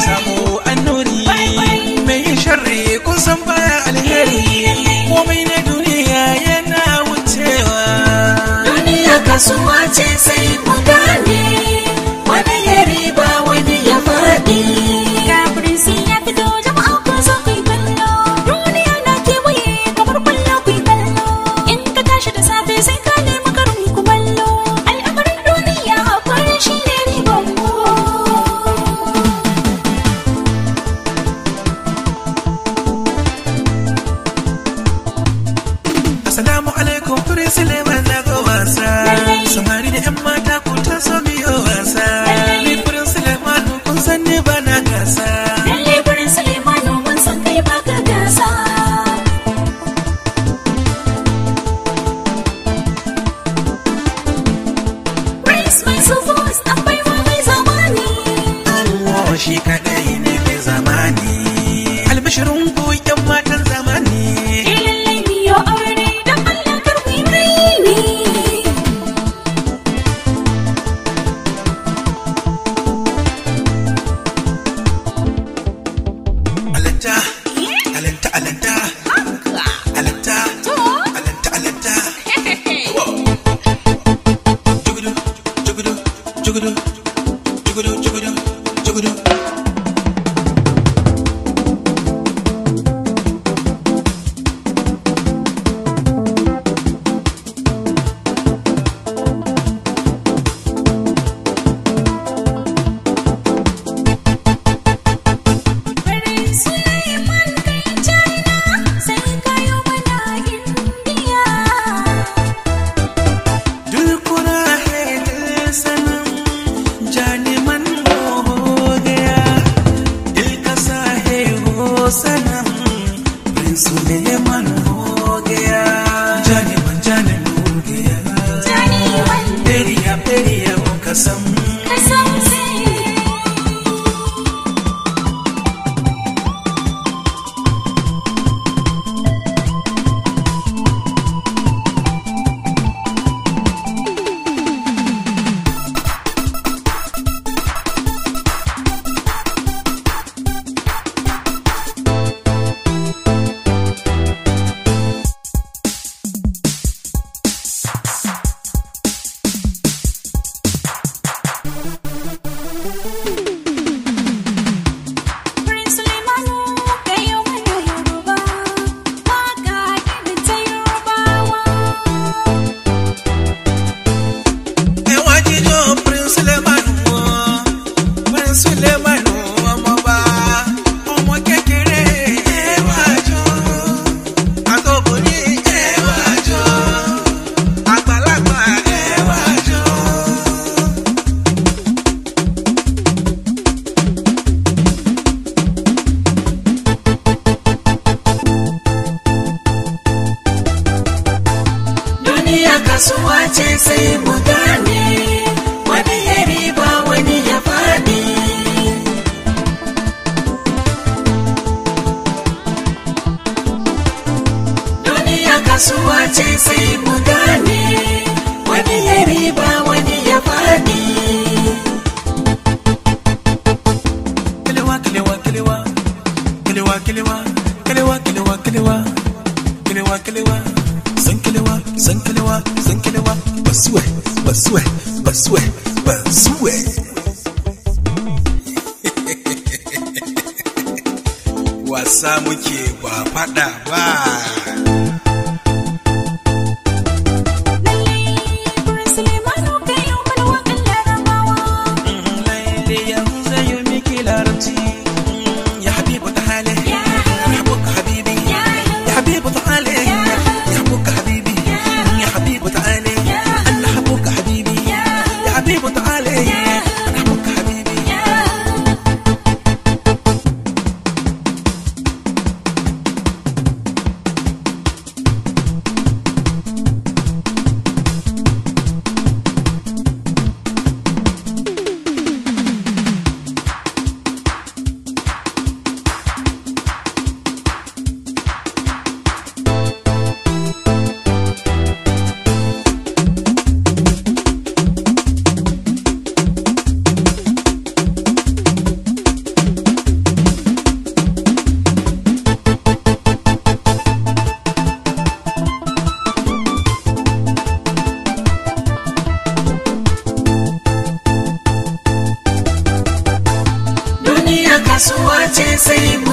sabo annuri mai sharri kun san baya alheri komai na duniya yana wucewa duniya kasuwa ce sai Assalamu alaikum turin Suleiman na ga wasa. Samari da 'yan mata ku ta so biyo wasa. lalle furin Suleiman kun san ne ba na gasa. Lalle furin Suleiman mun san kai ba ka gasa. Raise my soul voice, bai wa mai zamani. Allah shi kadai ne mai zamani. Albishirin koyi. alanta alanta alanta alanta alanta alanta jugudu jugudu jugudu Some. Bye. kasuwace sai mu gane wani ya riba wani ya faɗi. Duniya kasuwa ce sai mu gane wani ya riba basue, basue, basue, basue. Wasa muke ba fada ba. இசை